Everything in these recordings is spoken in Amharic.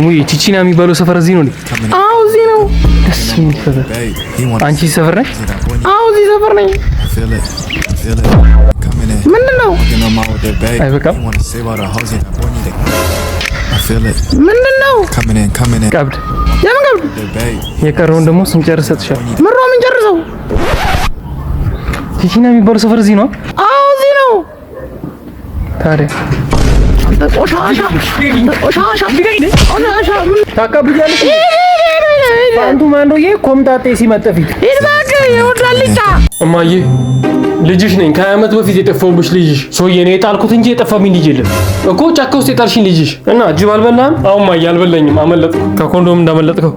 እሙዬ ቺቺና የሚባለው ሰፈር እዚህ ነው። አዎ እዚህ ነው። ደስ የሚል ሰፈር። አንቺ ሰፈር ነኝ? አዎ እዚህ ሰፈር ነኝ። ምንድን ነው? አይበቃም? ምንድን ነው? ቀብድ። የምን ቀብድ? የቀረውን ደግሞ ስንጨርስ እሰጥሻለሁ። ምሮ ምን ጨርሰው? ቺቺና የሚባለው ሰፈር እዚህ ነው። አዎ እዚህ ነው። ታዲያ ታካብያለሽ። አንቱ ማንዶዬ ኮምጣጤ ሲመጠፊት እማዬ ልጅሽ ነኝ። ከሀያ ዓመት በፊት የጠፋሁብሽ ልጅሽ። ሰውዬ እኔ የጣልኩት እንጂ የጠፋብኝ ልጅ የለም እኮ። ጫካ ውስጥ የጣልሽኝ ልጅሽ እና ጅብ አልበላህም? አሁን እማዬ አልበላኝም፣ አመለጥኩ። ከኮንዶም እንዳመለጥከው።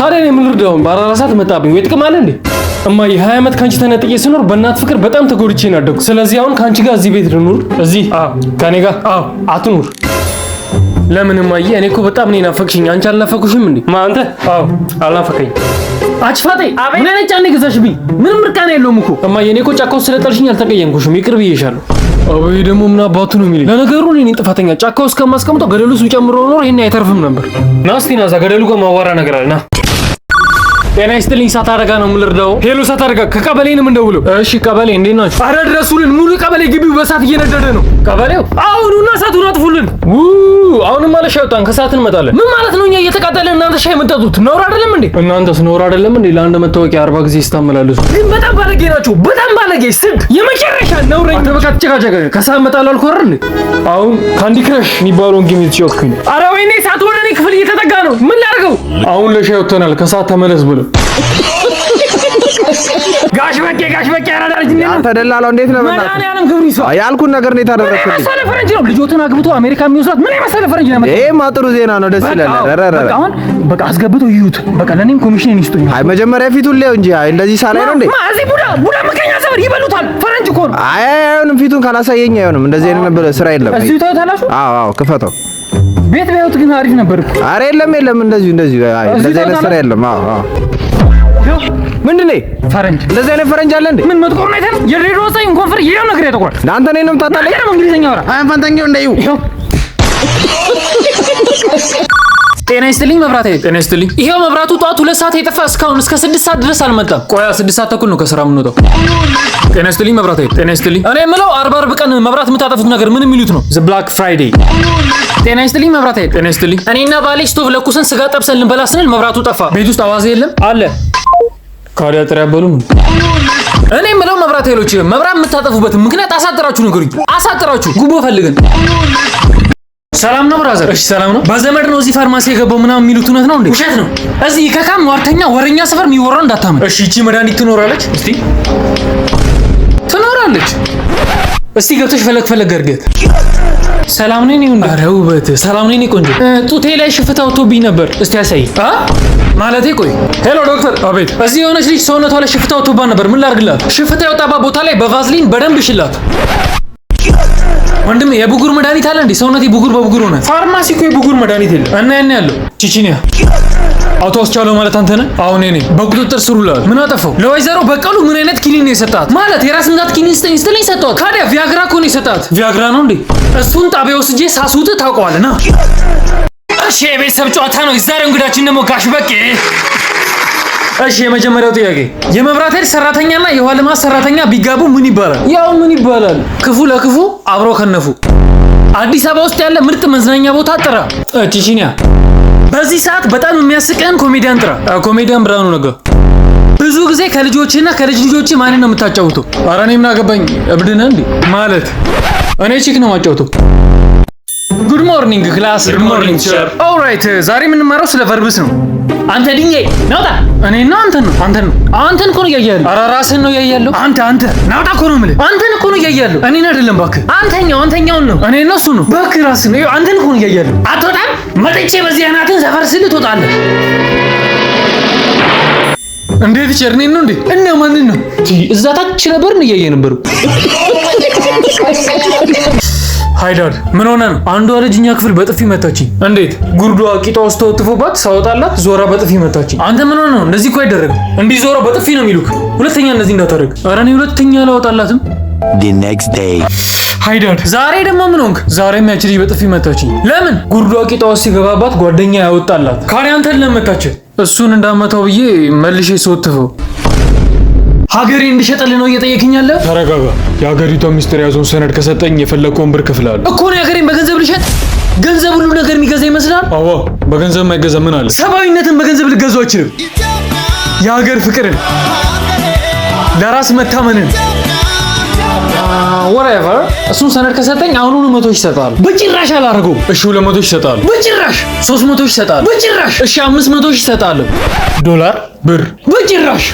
ታዲያ እኔ ምን ልርዳውን? በአራራ ሰዓት መጣብኝ። ወይ ጥቅም አለ እንዴ? እማ ሀያ ዓመት ከአንቺ ተነጥቄ ስኖር በእናት ፍቅር በጣም ተጎድቼ ነው ስለዚህ አሁን ከአንቺ ጋር እዚህ ቤት ልኑር? እዚህ ከኔ ጋር አትኑር። ለምን እማዬ? እኔ እኮ በጣም ነው ናፈቅሽኝ። አንቺ አልናፈቅሽም እንዴ? ማ አንተ? አዎ አልናፈቀኝ። አጭፋጤ ምን አይነት ጫኔ ገዛሽብኝ? ምንም ምርቃና የለውም እኮ እማዬ። እኔ እኮ ጫካው ስለጠልሽኝ አልተቀየምኩሽም፣ ይቅር ብዬሻለሁ። አበይ ደግሞ ምን አባቱ ነው የሚለኝ? ለነገሩ እኔ ጥፋተኛ ጫካው እስከማስቀምጠው ገደሉ ውስጥ ጨምሮ ኖር ይሄን አይተርፍም ነበር። ና እስቲ ና፣ ገደሉ ጋር ማዋራ ነገር አለ ና ጤና ይስጥልኝ። አረጋ ነው የምልርዳው። ሄሎ ሳታረጋ ከቀበሌ ነው የምንደውለው። እሺ ቀበሌ እንዴት ናችሁ? አረ ድረሱልን። ሙሉ ቀበሌ ግቢው በሳት እየነደደ ነው። ቀበሌው አሁኑና እሳቱን አጥፉልን። አሁንም ማለት ሻይ ወጣን፣ ከሰዓት እንመጣለን። ምን ማለት ነው? እኛ እየተቃጠለን እናንተ ሻይ የምጠጡት ነውር አይደለም እንዴ? እናንተስ ነውር አይደለም እንዴ? ለአንድ መታወቂያ አርባ ጊዜ ስታመላልሱ። ግን በጣም ባለጌ ናችሁ፣ በጣም ባለጌ ስድ፣ የመጨረሻ ነውረኛ። በቃ ተጨቃጨቀ። ከሰዓት እመጣለሁ አልኩህ አይደል? አሁን ካንዲ ክራሽ የሚባለውን ጌም እየተጫወትኩኝ። አረ ወይኔ እሳቱ አሁን ለሻይ ወተናል። ከሰዓት ተመለስ ብሎ ጋሽ በቄ ጋሽ በቄ ያራዳ ልጅ ነው። አንተ ደላላው እንዴት ነው? መድኃኒዓለም ክብር ይስጥ። ያልኩን ነገር ነው የታደረክልኝ። መሰለ ፈረንጅ ነው ልጆትን አግብቶ አሜሪካ የሚወስዳት ምን የመሰለ ፈረንጅ ነው። ይሄማ ጥሩ ዜና ነው። ደስ ይላል። ረረረ አሁን በቃ አስገብቶ ይዩት። በቃ ለኔም ኮሚሽን ይስጡኝ። አይ መጀመሪያ ፊቱን ሊያው እንጂ። አይ እንደዚህ ሳላይ ነው እንዴ? ማዚ ቡዳ ቡዳ ምቀኛ ሰበር ይበሉታል። ፈረንጅ እኮ ነው። አይ አይሆንም። ፊቱን ካላሳየኝ አይሆንም። እንደዚህ አይነት ነበር ስራ የለም። እዚህ ታውታላችሁ። አዎ አዎ፣ ክፈተው ቤት ባይወት ግን አሪፍ ነበር እኮ። አረ የለም የለም፣ እንደዚህ እንደዚህ እንደዚህ አይነት ስራ የለም። አዎ አዎ፣ ምንድን ነው ፈረንጅ? እንደዚህ አይነት ፈረንጅ አለ እንዴ? ምን መጥቆር ነው አይተን የሬዲዮ ሳይን ኮንፈር ፈር ይሄው ነገር ያጠቁራል። አንተ ነው የምታጣለኝ እንግሊዝኛ ወራ አንፋንታኛው እንዳይው ጤና ይስጥልኝ መብራት አይደል? ጤና ይስጥልኝ። ይሄው መብራቱ ጠዋት ሁለት ሰዓት የጠፋ እስካሁን እስከ ስድስት ሰዓት ድረስ አልመጣም። ቆያ ስድስት ሰዓት ተኩል ነው ከስራ የምንወጣው። ጤና ይስጥልኝ መብራት አይደል? ጤና ይስጥልኝ። እኔ የምለው አርብ አርብ ቀን መብራት የምታጠፉት ነገር ምን የሚሉት ነው? ዘ ብላክ ፍራይዴይ። ጤና ይስጥልኝ መብራት አይደል? ጤና ይስጥልኝ። እኔና ባሌ ስቶቭ ለኩሰን ስጋ ጠብሰን ልንበላ ስንል መብራቱ ጠፋ። ቤት ውስጥ አዋዜ የለም አለ ካዲያ ጥሪ ያበሉም እኔ የምለው መብራት ኃይሎች መብራት የምታጠፉበት ምክንያት አሳጥራችሁ ንገሩኝ። አሳጥራችሁ ጉቦ ፈልገን ሰላም ነው ብራዘር? እሺ ሰላም ነው። በዘመድ ነው እዚህ ፋርማሲ የገባው ምናምን የሚሉት እውነት ነው እንዴ? ውሸት ነው። እዚህ ከካም ሟርተኛ፣ ወረኛ ሰፈር የሚወራው እንዳታምን። እሺ እቺ መድኃኒት ትኖራለች? እስቲ ትኖራለች። እስቲ ገብተሽ ፈለግ ፈለግ አድርገት። ሰላም ነኝ ነው። እንዴ? ኧረ ውበት ሰላም ነኝ ቆንጆ። ጡቴ ላይ ሽፍታ ወጥቶብኝ ነበር። እስቲ ያሳይ አ ማለቴ ቆይ። ሄሎ ዶክተር። አቤት። እዚህ የሆነች ልጅ ሰውነቷ ላይ ሽፍታ ወጥቶባት ነበር። ምን ላርግላት? ሽፍታ የወጣባት ቦታ ላይ በቫዝሊን በደንብ ይሽላት። ወንድም የብጉር መድኃኒት አለ እንዴ? ሰውነት ብጉር በብጉር ሆነ። ፋርማሲ እኮ የብጉር መድኃኒት የለም። እና ያን ያለው ቺቺኒያ አውቶ ወስቻለሁ ማለት አንተ ነህ። አሁን እኔ በቁጥጥር ስር ውለሃል። ምን አጠፋው? ለወይዘሮ በቀሉ ምን አይነት ኪኒን ነው የሰጣት? ማለት የራስ እንዳት ኪኒን ስጠኝ ስትለኝ ታዲያ ቪያግራ እኮ ነው የሰጣት። ቪያግራ ነው እንዴ? እሱን ጣቢያ ወስጄ ሳስውጥ ታውቀዋለህ። ና እሺ፣ የቤተሰብ ጨዋታ ነው የዛሬው። እንግዳችን ደግሞ ጋሽ በቄ እሺ የመጀመሪያው ጥያቄ የመብራት ኃይል ሰራተኛና የውሃ ልማት ሰራተኛ ቢጋቡ ምን ይባላል? ያው ምን ይባላል? ክፉ ለክፉ አብሮ ከነፉ። አዲስ አበባ ውስጥ ያለ ምርጥ መዝናኛ ቦታ ጥራ። ቺቺኒያ። በዚህ ሰዓት በጣም የሚያስቀን ኮሜዲያን ጥራ። ኮሜዲያን ብርሃኑ ነጋ። ብዙ ጊዜ ከልጆችና ከልጅ ልጆች ማንን ነው የምታጫውተው? ኧረ እኔ ምን አገባኝ፣ እብድ ነህ እንዴ? ማለት እኔ ቺክ ነው የማጫውተው። ጉድ ሞርኒንግ ክላስ። ጉድ ሞርኒንግ ቲቸር። ኦልራይት ዛሬ የምንማረው ስለ ቨርብስ ነው። አንተ ድኜ ናውጣ። እኔና አንተ ነው አንተ ነው አንተን እኮ ነው እያየኸው። ኧረ ራስህን ነው እያየኸው። አንተ አንተ ናውጣ እኮ ነው የምልህ። አንተን እኮ ነው እያየኸው። እኔን አይደለም እባክህ። አንተኛው አንተኛውን ነው እኔ እኔና እሱ ነው እባክህ። ራስህን ነው አንተን እኮ ነው እያየኸው። አትወጣም። መጥቼ በዚህ አናትን ሰፈር ስል ትወጣለህ። እንዴት ቸርኔን ነው እንዴ? እና ማንን ነው እዛ ታች ነበር እያየህ ነበሩ ሃይዳድ ምን ሆነ ነው? አንዷ ልጅ እኛ ክፍል በጥፊ መታችኝ። እንዴት? ጉርዷ ቂጧ ውስጥ ተወጥፎባት ሳወጣላት ዞራ በጥፊ መታችኝ። አንተ ምን ሆነ ነው? እንደዚህ እኮ አይደረግም። እንዲህ ዞራ በጥፊ ነው የሚሉክ። ሁለተኛ እንደዚህ እንዳታደርግ። ኧረ እኔ ሁለተኛ አላወጣላትም። ሃይዳድ ዛሬ ደግሞ ምን ሆንክ? ዛሬ ያቺ ልጅ በጥፊ መታችኝ። ለምን? ጉርዷ ቂጧ ውስጥ ሲገባባት ጓደኛ ያወጣላት። ካሪ አንተን ለመታችህ እሱን እንዳመታው ብዬ መልሼ ስወትፈው ሀገሬ እንድሸጥልህ ነው እየጠየቅኝ ያለ። ተረጋጋ። የሀገሪቷ ሚስጥር የያዘውን ሰነድ ከሰጠኝ የፈለግከውን ብር እከፍልሃለሁ እኮ ነው። ሀገሬን በገንዘብ ልሸጥ? ገንዘብ ሁሉ ነገር የሚገዛ ይመስላል። አዎ፣ በገንዘብ የማይገዛ ምን አለ? ሰብአዊነትን በገንዘብ ልገዛው አልችልም። የሀገር ፍቅርን፣ ለራስ መታመንን ወሬቨር እሱን ሰነድ ከሰጠኝ አሁኑኑ መቶ ሺህ ይሰጣል። በጭራሽ አላደርገውም። እሺ ሁለት መቶ ሺህ ይሰጣል። በጭራሽ ሶስት መቶ ሺህ ይሰጣል። በጭራሽ እሺ አምስት መቶ ሺህ ይሰጣል። ዶላር ብር በጭራሽ